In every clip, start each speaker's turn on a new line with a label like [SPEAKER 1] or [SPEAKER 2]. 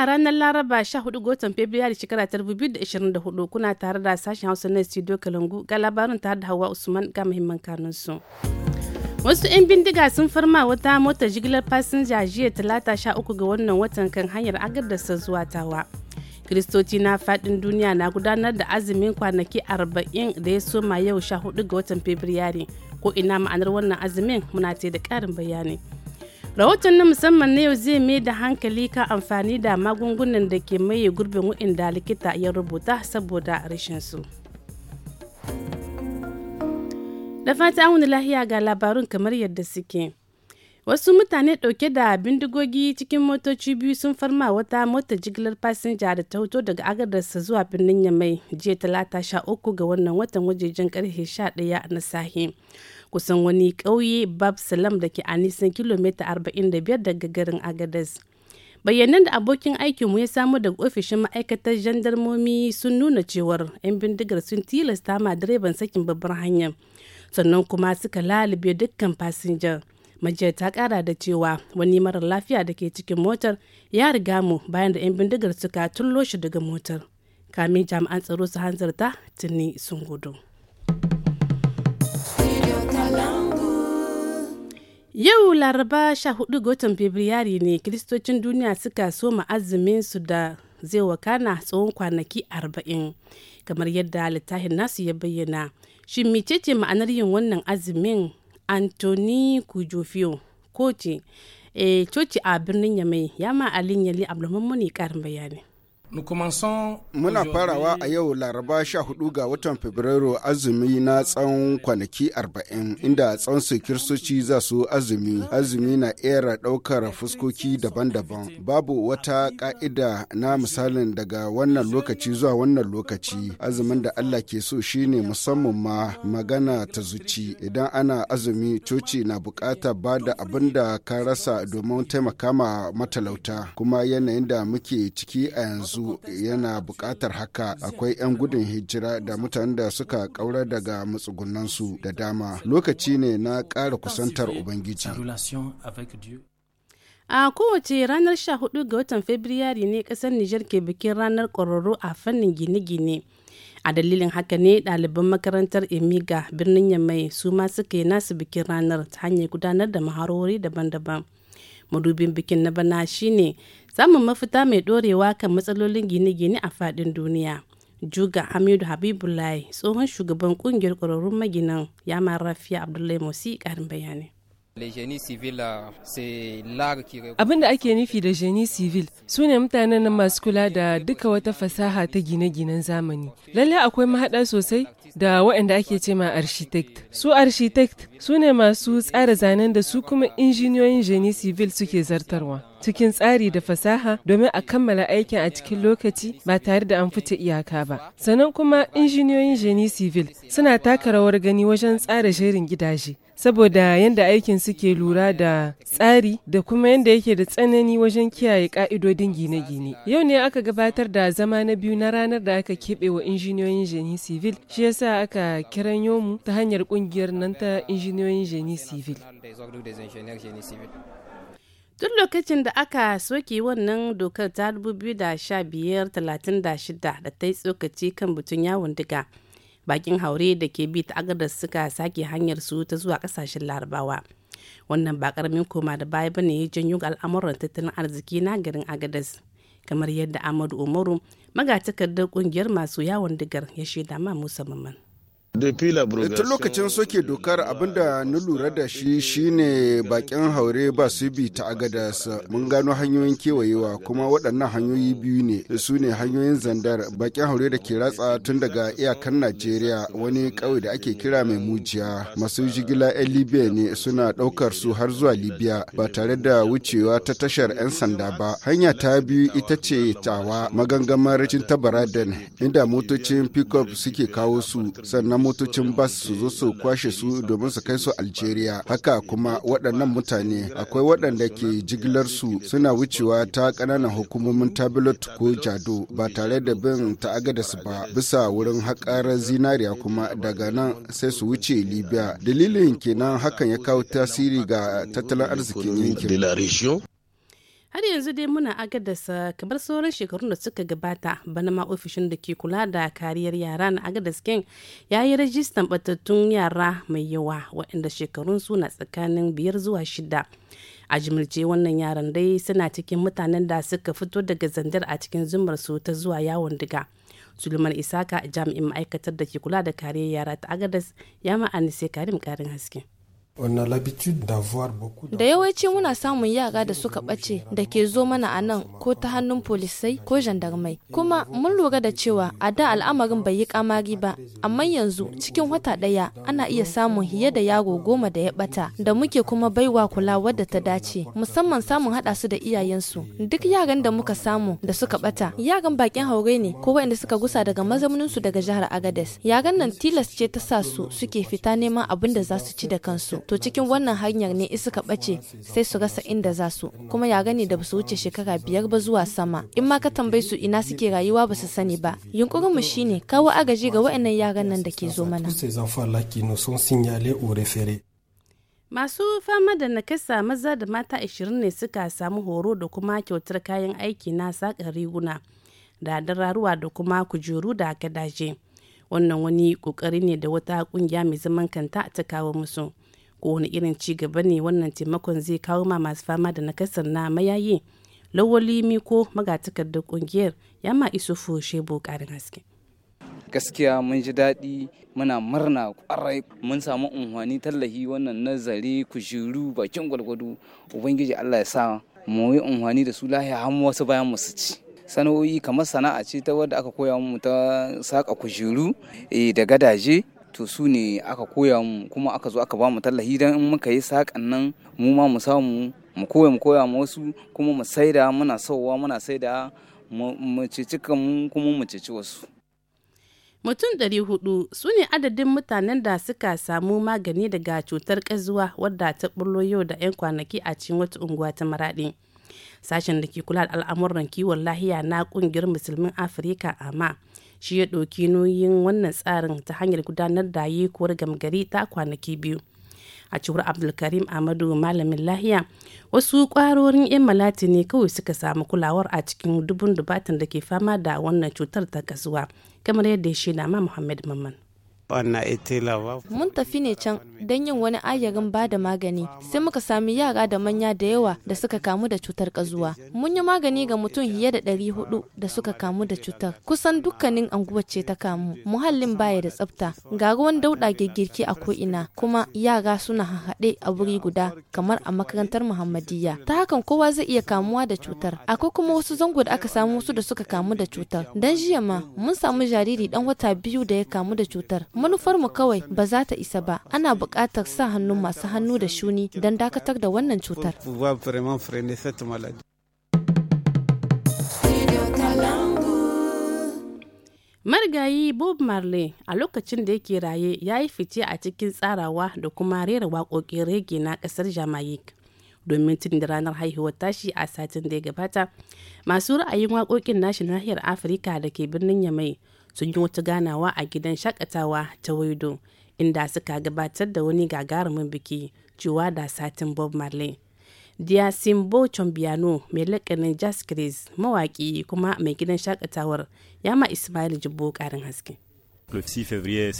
[SPEAKER 1] a ranar Laraba 14 ga watan Fabrairu shekara 2024 kuna tare da sashen Hausa na Studio Kalangu ga labarin tare da Hawa Usman ga muhimman kanunsu. Wasu 'yan bindiga sun farma wata mota jigilar fasinja jiya talata 13 ga wannan watan kan hanyar sa zuwa tawa. Kiristoci na faɗin duniya na gudanar da azumin kwanaki 40 da ya soma yau 14 ga watan Fabrairu ko ina ma'anar wannan azumin muna da karin bayani. rahoton na musamman na yau zai mai da hankali kan amfani da magungunan da ke maye gurbin waɗanda likita ya rubuta saboda rashin su da fata an lahiya ga labarun kamar yadda suke wasu mutane ɗauke da bindigogi cikin motoci biyu sun farma wata mota jigilar fasinja da ta hoto daga agadarsa zuwa birnin yamai jiya talata sha uku ga wannan watan wajejen karfe sha ɗaya na sahi kusan wani ƙauye bab salam da ke a nisan kilomita 45 daga garin agadez bayanan da abokin aikinmu ya samu daga ofishin ma'aikatar jandarmomi sun nuna cewar 'yan bindigar sun tilasta ma direban sakin babbar hanya sannan kuma suka lalube dukkan fasinjan majiyar ta kara da cewa wani marar lafiya da ke cikin motar ya riga mu bayan da 'yan bindigar suka tullo shi daga motar kamin jami'an tsaro su hanzarta tuni sun gudu. Yau Laraba 14 ga watan Fabrairu ne Kiristocin duniya suka soma azumin su da zai wakana tsawon kwanaki arba'in. kamar yadda littafin nasu ya bayyana. Shin mecece ma'anar yin wannan azumin Anthony Kujofio Koci Eh, coci a birnin Yamai ya ma Alin Yali ne karin bayani.
[SPEAKER 2] Muna farawa a yau Laraba 14 ga watan Fabrairu azumi na tsawon kwanaki 40 inda tsawon kirsoci za su azumi. Azumi na era ɗaukar fuskoki daban-daban. Babu wata ƙa'ida na misalin daga wannan lokaci zuwa wannan lokaci. Azumin da Allah ke so shine musamman ma magana ta zuci. Idan ana azumi coci na bukata ba da abin da ka rasa domin taimaka ma matalauta. Kuma yanayin da muke ciki a yanzu su yana buƙatar haka akwai 'yan gudun hijira da mutanen da suka ƙaura daga matsugunansu da dama lokaci ne na ƙara kusantar ubangiji
[SPEAKER 1] a kowace ranar 14 ga watan fabrairu ne kasar nijar ke bikin ranar ƙwararru a fannin gine-gine a dalilin haka ne ɗaliban makarantar emiga birnin yamai su ma suka yi nasu bikin ranar ta hanyar gudanar da maharori daban-daban madubin bikin na bana shine samun mafita mai dorewa kan matsalolin gine-gine a faɗin duniya juga hamidu habibullahi tsohon shugaban ƙungiyar ƙwararrun maginan ma rafiya abdullahi musi ƙarin bayani
[SPEAKER 3] Euh, Abin da ake nufi da jeni civil su ne mutanen nan masu kula da duka wata fasaha ta gine-ginen zamani. Lalle akwai mahaɗa sosai da waɗanda ake ce ma architect. Su architect su ne masu tsara zanen da su kuma injiniyoyin jeni civil suke zartarwa. cikin tsari da fasaha domin a kammala aikin a cikin lokaci ba tare da an fita iyaka ba. Sannan kuma injiniyoyin jeni civil suna taka rawar gani wajen tsara shirin gidaje saboda yadda aikin suke lura da tsari da kuma yadda yake da tsanani wajen kiyaye ka'idodin gine-gine. Yau ne aka gabatar da zama na biyu na ranar da aka keɓe wa injiniyoyin jini civil shi yasa aka kiranyo mu ta hanyar ƙungiyar nan ta injiniyoyin jini civil.
[SPEAKER 1] Duk lokacin da aka soke wannan dokar ta 2015-36 da ta yi tsokaci kan butun yawon diga. bakin haure da ke bi ta agadas suka sake hanyar su ta zuwa kasashen larabawa wannan ba karamin koma da baya bane ya janyo al'amuran tattalin arziki na garin agadas kamar yadda amadu umaru magatakardar kungiyar masu yawon digar ya shaida ma musa
[SPEAKER 2] Ita eh, lokacin soke dokar abinda na lura da shi shine bakin haure ba su bi ta agadas mun gano hanyoyin kewayewa kuma waɗannan hanyoyi biyu ne su ne hanyoyin zandar bakin haure da ke ratsa tun daga iyakan najeriya wani ƙauye da ake kira mai mujiya masu jigila 'yan libya ne suna ɗaukar su har zuwa libya ba tare da wucewa ta tashar 'yan sanda ba hanya ta biyu ita ce tawa magangamar cin tabaradan inda motocin pickup suke kawo su sannan motocin bas su zo su kwashe su domin su kai su Algeria. Haka kuma waɗannan mutane akwai waɗanda ke jigilar su suna wucewa ta ƙananan hukumomin tablet ko Jado ba tare da bin ta su ba bisa wurin haƙar zinariya kuma daga nan sai su wuce Libya. Dalilin kenan hakan ya kawo tasiri ga tattalin arzikin yankin.
[SPEAKER 1] har yanzu dai muna agadasa kamar sauran shekarun da suka gabata bana ma ofishin da ke kula da kariyar yara na agadas king ya yi rajistan batattun yara mai yawa waɗanda shekarun su na tsakanin biyar zuwa shida a jimilce wannan yaran dai suna cikin mutanen da suka fito daga zandar a cikin zumar su ta zuwa yawon diga suleiman isaka jami'in ma'aikatar da ke kula da kariyar yara ta
[SPEAKER 4] agadas ya sai karim karin haske Da yawanci muna samun yara da suka ɓace da ke zo mana a nan ko ta hannun polisai ko jandarmai. Kuma mun lura da cewa a da al'amarin bai yi kamari ba, amma yanzu cikin wata ɗaya ana iya samun hiye da yaro goma da ya ɓata da muke kuma baiwa kula wadda ta dace, musamman samun haɗa su da iyayensu. Duk yaran da muka samu da suka ɓata, yaran bakin haure ne ko waɗanda suka gusa daga su daga jihar Agades. Yaran nan tilas ce ta sa su suke fita neman abin da za su ci da kansu. to cikin wannan hanyar ne suka ɓace sai su rasa inda za su kuma ya gani da basu wuce shekara biyar ba zuwa sama in ma ka tambayi su ina suke rayuwa basu sani ba yunkurin mu shine kawo agaji ga waɗannan yaran nan da ke zo mana Masu fama da nakasa maza
[SPEAKER 1] da mata ashirin ne suka samu horo da kuma kyautar kayan aiki na sakar riguna da dararuwa da kuma kujeru da gadaje. Wannan wani kokari ne da wata kungiya mai zaman kanta ta kawo musu. ko wani irin ci gaba ne wannan taimakon zai kawo ma masu fama da nakasar na mayayi lawali miko magatakardar kungiyar ya ma iso fushe bukarin haske
[SPEAKER 3] gaskiya mun ji daɗi muna murna ƙwarai mun samu unhwani tallahi wannan nazari kujeru bakin gwalgwado ubangiji allah ya sa mu yi unhwani da su lahiya har wasu bayan mu ci sana'o'i kamar sana'a ce ta wadda aka koya mu ta saƙa kujeru eh, da gadaje to su ne aka koya mu kuma aka zo aka ba mu tallahi don in muka yi saƙan nan mu ma mu samu mu koya mu koya mu wasu kuma mu saida muna sauwa muna saida mu ceci kanmu kuma mu ceci wasu.
[SPEAKER 1] Mutum 400 su ne adadin mutanen da suka samu magani daga cutar ƙazuwa wadda ta ɓullo yau da 'yan kwanaki a cikin wata unguwa ta maraɗi. Sashen da ke kula da al'amuran kiwon lahiya na ƙungiyar Musulmin Afirka amma shi ya ɗauki nauyin wannan tsarin ta hanyar gudanar da yekuwar gamgari ta kwanaki biyu a cewar abdulkarim amadu malamin lahiya wasu ƙwarorin yan malati ne kawai suka samu kulawar a cikin dubun dubatan da ke fama da wannan cutar ta kasuwa kamar yadda ya shaida ma muhammad mamman
[SPEAKER 2] Mun
[SPEAKER 4] tafi ne can don yin wani ayyarin ba da magani, sai muka sami yara da manya da yawa da suka kamu da cutar kazuwa. Mun yi magani ga mutum fiye da ɗari hudu da suka kamu da cutar. Kusan dukkanin anguwar ce ta kamu, muhallin baya da tsabta, ga ruwan dauɗa girgirki a ko'ina, kuma yara suna hahaɗe a wuri guda kamar a makarantar Muhammadiyya. Ta hakan kowa zai iya kamuwa da cutar. Akwai kuma wasu zango da aka samu su da suka kamu da cutar. Dan jiya ma mun samu jariri dan wata biyu da ya kamu da cutar. manufarmu kawai ba za ta isa ba ana buƙatar sa hannun masu hannu da shuni don dakatar da wannan cutar
[SPEAKER 1] marigayi bob marley a lokacin da yake raye ya yi fice a cikin tsarawa da kuma rera waƙoƙin rege na ƙasar jamaica domin tun da ranar haihuwar tashi a satin da ya gabata masu ra'ayin waƙoƙin nashi nahiyar afirka da ke birnin yamai sun yi wata ganawa a gidan shakatawa ta waido inda suka gabatar da wani gagarumin biki cewa da satin bob marley simbo chombiano mai lakanin jazz mawaƙi kuma mai gidan
[SPEAKER 3] shakatawar yama ismail jibbo ƙarin haske Euh,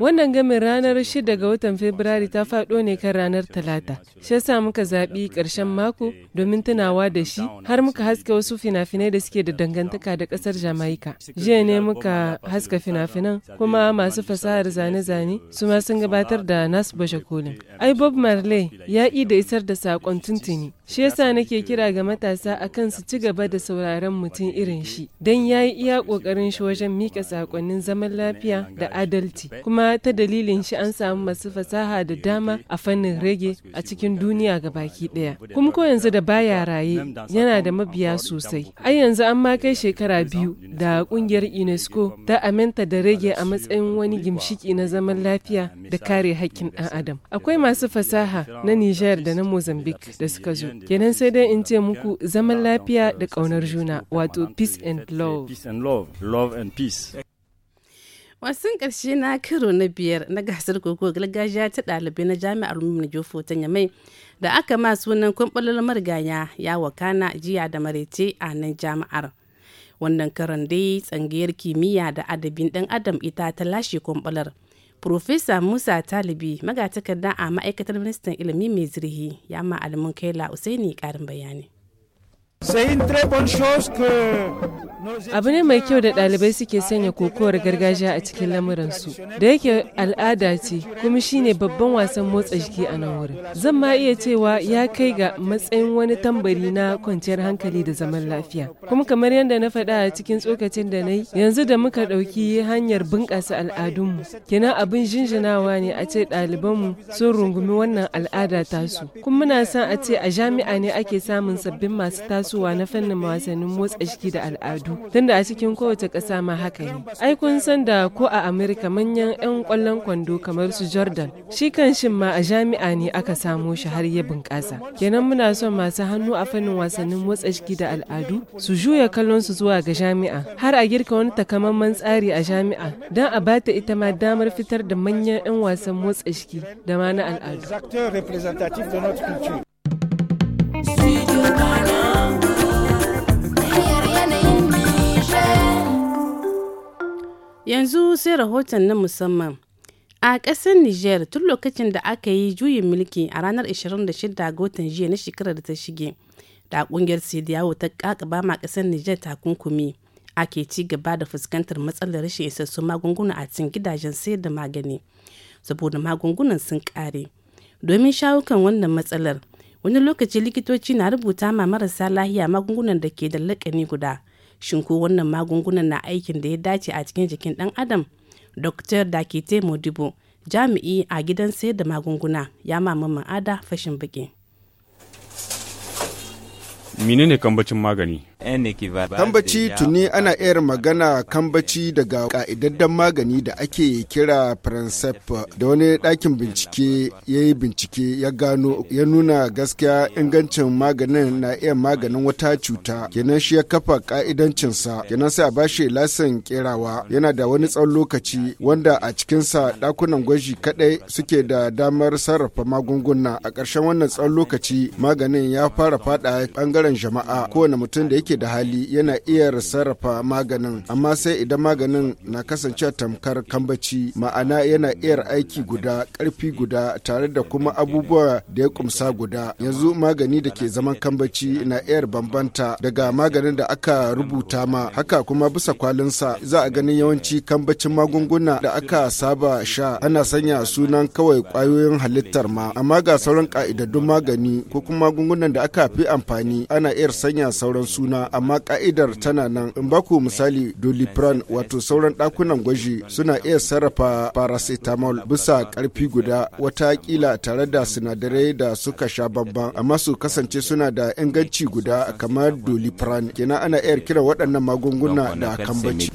[SPEAKER 3] Wannan gamin ranar 6 ga watan february ta faɗo ne kan ranar Talata. Shi yasa muka zaɓi ƙarshen mako domin tunawa da shi har muka haske wasu fina-finai da suke da dangantaka da ƙasar Jamaika. Jiya ne muka haska fina-finan kuma masu fasahar zane-zane su ma sun gabatar da nasu bashe kolin. Ai Bob Marley ya da isar da saƙon tuntuni. Shi yasa nake kira ga matasa akan su ci gaba da sauraron mutum irin shi. Dan ya yi iya ƙoƙarin shi wajen miƙa saƙon sakonnin zaman lafiya da adalci kuma ta dalilin shi an samu masu fasaha da dama a fannin rage a cikin duniya ga baki daya kuma ko yanzu da baya raye yana da mabiya sosai ai yanzu an ma kai shekara biyu da ƙungiyar unesco ta aminta da rage a matsayin wani gimshiki na zaman lafiya da kare haƙƙin ɗan adam akwai masu fasaha na niger da na mozambique da suka zo kenan sai dai in ce muku zaman lafiya da ƙaunar juna wato peace and love
[SPEAKER 1] wasan ƙarshe na karo na biyar na gasar koko gargajiya ta ɗalibai na jami'ar mummun jofo ta yamai da aka ma sunan kwamfalar mariganya ya wakana jiya da marece a nan jami'ar wannan karon dai tsangayar kimiyya da adabin ɗan adam ita ta lashe kwamfalar Profesa Musa Talibi magatakarda a ma'aikatar ministan ilimi mai zirhi ya
[SPEAKER 3] ma'alamin Kaila Usaini karin bayani. Abu ne mai kyau da ɗalibai suke sanya kokowar gargajiya a cikin lamuransu, da yake al'ada ce kuma shine babban wasan motsa jiki a nan wurin. Zan ma iya cewa ya kai ga matsayin wani tambari na kwanciyar hankali da zaman lafiya. Kuma kamar yadda na faɗa a cikin tsokacin da na yi, yanzu da muka ɗauki hanyar bunƙasa al'adunmu, kenan abin jinjinawa ne a ce ɗalibanmu sun rungumi wannan al'ada tasu. Kuma muna son a ce a jami'a ne ake samun sabbin masu tasu tasowa na fannin wasannin motsa jiki da al'adu tunda a cikin kowace ƙasa ma haka ne ai kun san da ko a amurka manyan 'yan kwallon kwando kamar su jordan shi kan shin ma a jami'a ne aka samo shi har ya bunƙasa kenan muna son masu hannu a fannin wasannin motsa jiki da al'adu su juya kallon su zuwa ga jami'a har a girka wani takamaiman tsari a jami'a don a bata ita ma damar fitar da manyan 'yan wasan motsa jiki da ma na al'adu.
[SPEAKER 1] Yanzu sai rahoton na musamman. A ƙasar Nijar tun lokacin da aka yi juyin mulki a ranar 26 ga watan jiya na shekarar da ta shige, da ƙungiyar Sidiyawo ta ƙaƙaba ma ƙasar Nijar takunkumi. Ake ci gaba da fuskantar matsalar rashin isassun magunguna a cikin gidajen sayar da magani, saboda magungunan sun ƙare. Domin shawo kan wannan matsalar, wani lokaci likitoci na rubuta ma marasa lahiya magungunan da ke da lakani guda shin ko wannan magungunan na aikin da ya dace a cikin jikin dan adam dr dakite modibo jami'i a gidan sayar da magunguna ya mama ma'ada fashin baki
[SPEAKER 2] menene kambacin magani Kambaci tuni ana iya magana kambaci daga ka'idaddan magani da ake kira Francep da wani dakin bincike ya yi bincike ya gano ya nuna gaskiya ingancin maganin na iya maganin wata cuta kenan shi ya kafa ka'idancinsa kenan sai a bashi lasin kerawa yana da wani tsawon lokaci wanda a cikinsa ɗakunan gwaji kaɗai suke da damar sarrafa magunguna a ƙarshen wannan tsawon lokaci maganin ya fara faɗa ɓangaren jama'a kowane mutum da yake yake da hali yana iya sarrafa maganin amma sai idan maganin na kasancewa tamkar kambaci ma'ana yana iya aiki guda karfi guda tare da kuma abubuwa da ya kumsa guda yanzu magani da ke zaman kambaci na iya bambanta daga maganin da aka rubuta ma haka kuma bisa kwalinsa za a ganin yawanci kambacin magunguna da aka saba sha ana sanya sunan kawai kwayoyin halittar ma amma ga sauran ka'idaddun magani ko kuma magungunan da aka fi amfani ana iya sanya sauran suna suna amma ka'idar tana nan in baku misali dolipran wato sauran dakunan gwaji suna iya sarrafa paracetamol bisa karfi guda wata kila tare da sinadarai da suka sha bambam amma su kasance suna da inganci guda kamar dolipran kenan ana iya kira waɗannan magunguna da kambaci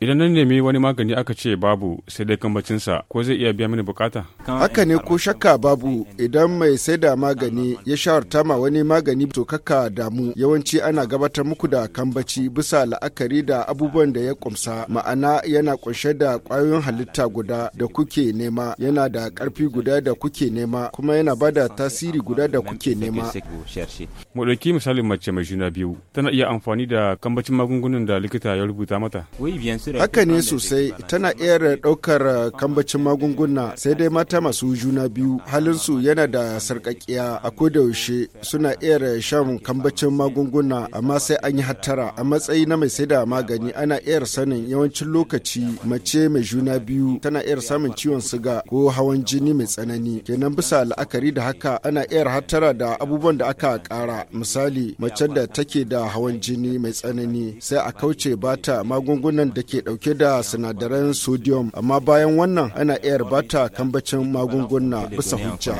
[SPEAKER 2] idan nan nemi wani magani aka ce babu sai dai kambacinsa ko zai iya biya mini bukata haka ne ko shakka babu idan mai sai da magani ya shawarta ma wani magani to kaka damu yawanci ana gabatar muku da kambaci bisa la'akari da abubuwan da ya kumsa ma'ana yana kunshe da kwayoyin halitta guda da kuke nema yana da karfi guda da kuke nema kuma yana bada tasiri guda da kuke nema mu ɗauki misalin mace mai juna biyu tana iya amfani da kambacin magungunan da likita ya rubuta mata haka ne sosai tana iya ɗaukar kambacin magunguna sai dai mata masu juna biyu halinsu yana da sarƙaƙiya a yaushe suna iya shan kambacin magunguna amma sai an yi hattara a matsayi na mai sai da magani ana iyar sanin yawancin lokaci mace mai juna biyu tana iyar samun ciwon siga ko hawan jini mai tsanani kenan bisa la'akari da haka ana iyar hattara da abubuwan da aka kara misali mace da take da hawan jini mai tsanani sai a kauce bata magungunan da ke dauke da sinadaran sodium amma bayan wannan ana iya bata kambacin magunguna bisa hujja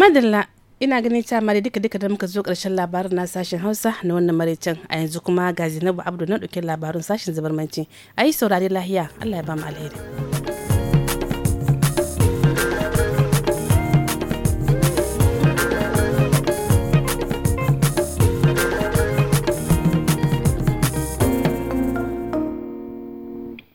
[SPEAKER 1] madalla ina ganin ta mare duka duka da muka zo karshen labarin na sashen hausa na wannan maraicin a yanzu kuma ga zinabu abdu na dauke labarin sashen zubarmanci a yi saurari lahiya allah ya ba mu alheri